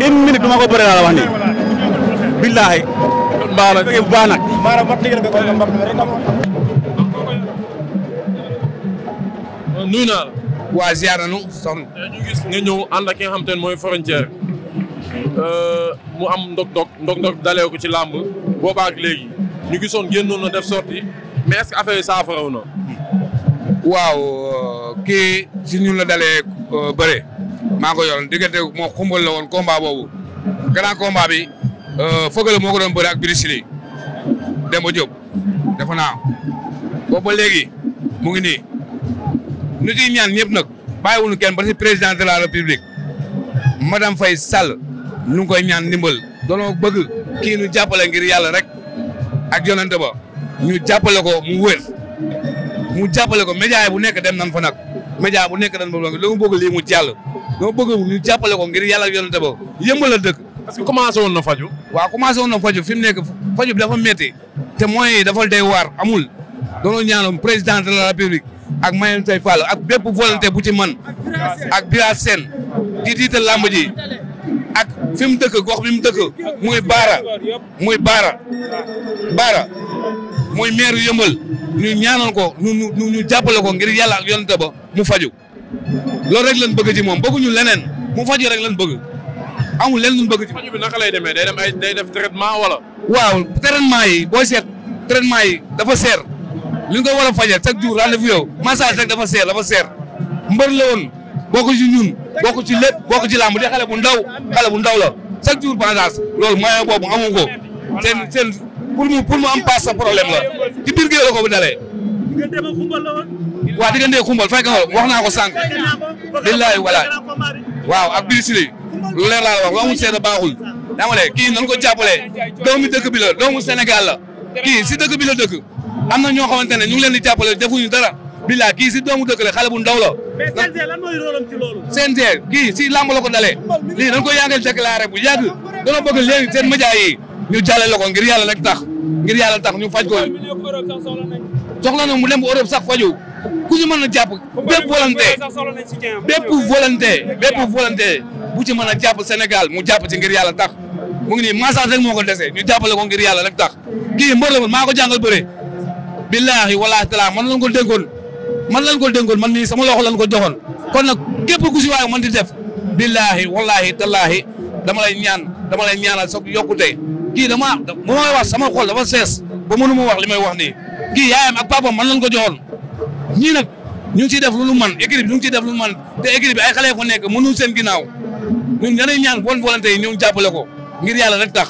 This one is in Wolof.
une minute du ma ko bëree laa la wax nii. billaahi. baax na bu baax nag. maanaam mat liggéey nga ko nuyu naa la. waa ziar nañu sonn. ñu gis nga ñëw ànd ak ki nga xam te ne mooy frontière. Euh, mu am ndog-ndog ndog-ndog dalee ko ci làmb boobaa ak léegi ñu gisoon génnoon na def sorti mais est-ce que affaire yi saafaraw na. waaw euh, kii si ñun la dalee euh, bëre. maa ko yoroon diggante moo xumbal la woon combat boobu grand combat bi euh, Feugeuleu moo ko doon bëri ak Bruce Lee Demba Diop defe naa boobu ba léegi mu ngi nii nu ciy ñaan ñëpp nag bàyyiwuñu kenn ba si président de la république madame Faye Sall nu ngi koy ñaan ndimbal doonoo bëgg kii nu jàppale ngir yàlla rek ak yonente ba ñu jàppale ko mu wér mu ko média bu nekk dem nan fa nag média bu nekk dañ fa lu mu jàll dama bëgg ñu jàppale ko ngir yàlla ak yonente ba yëmbal la dëkk. que commencé woon na faju waaw commencé woon na faju fi mu nekk faju bi dafa métti. te moyens yi dafa day waar amul. doonoo ñaanoon président de la république ak Mayel Tay fal ak bépp volonté bu ci man ak bi Sène di diital làmb ji ak fi mu dëkk gox bi mu dëkk muy Baara muy Baara Baara muy maire yëmbal ñu ñaanal ko ñu ñu jàppale ko ngir yàlla ak yonente ba mu faju loolu rek lañ bëgg ci moom bëgguñu leneen mu faju rek lañ bëgg amul leneen luñ bëgg ci. faju bi naka lay demee day dem ay day def traitement wala. waaw traitement yi boo seet traitement yi dafa seer li nga ko war a fajal chaque jour rendez-vous yow massage rek dafa seer dafa seer mbër la woon bokk ci ñun bokk ci lépp bokk ci làmb di xale bu ndaw xale bu ndaw la chaque jour massage loolu moyen boobu amu ko seen seen pour mu pour mu am passe sa problème la ci ko bu dalee. diggante ma xumbal la woon. waaw diggante xumbal fekk wax naa ko sànq. billaay walaay waaw ak biir Sile lu leer laa la wax lu amul seede baaxul. daa ma kii nan ko jàppalee doomu dëkk bi la doomu Sénégal la kii si dëkk bi la dëkk am na ñoo xamante ne ñu ngi leen di jàppale defuñu dara billaay kii si doomu dëkk la xale bu ndaw la. mais CNG lan kii si làmb la ko dalee lii nan ko yàggal déclaré bu yàgg dana bëgg léegi seen média yi ñu jàllale ko ngir yàlla rek tax ngir yàlla tax ñu faj ko. soxla na mu dem Europe sax faju ku ci mën a jàpp bépp volonté bépp volonté bépp volonté bu ci mën a jàpp senegal mu jàpp ci ngir yàlla tax mu ngi nii massage rek moo ko dese ñu jàppale ko ngir yàlla rek tax kii mbër la woon maa ko jàngal bëre billaahi walaahi taala man lañ ko dénkoon man lañ ko dénkoon man nii sama loxo lañ ko joxoon kon na képp ku si man di def billaahi walaahi talaahi dama lay ñaan dama lay ñaanal soog yokkute kii dama bu may wax sama xol dafa sees ba mënu ma wax li may wax nii kii yaayam ak papaam man lañ ko joxoon ñii nag ñu si def lu nu man équipe bi ñu def lu nu man te équipe bi ay xale fa nekk mënuñ seen ginnaaw ñun ñeneen ñaan bon volonté yi ñoom jàppale ko ngir yàlla rek tax.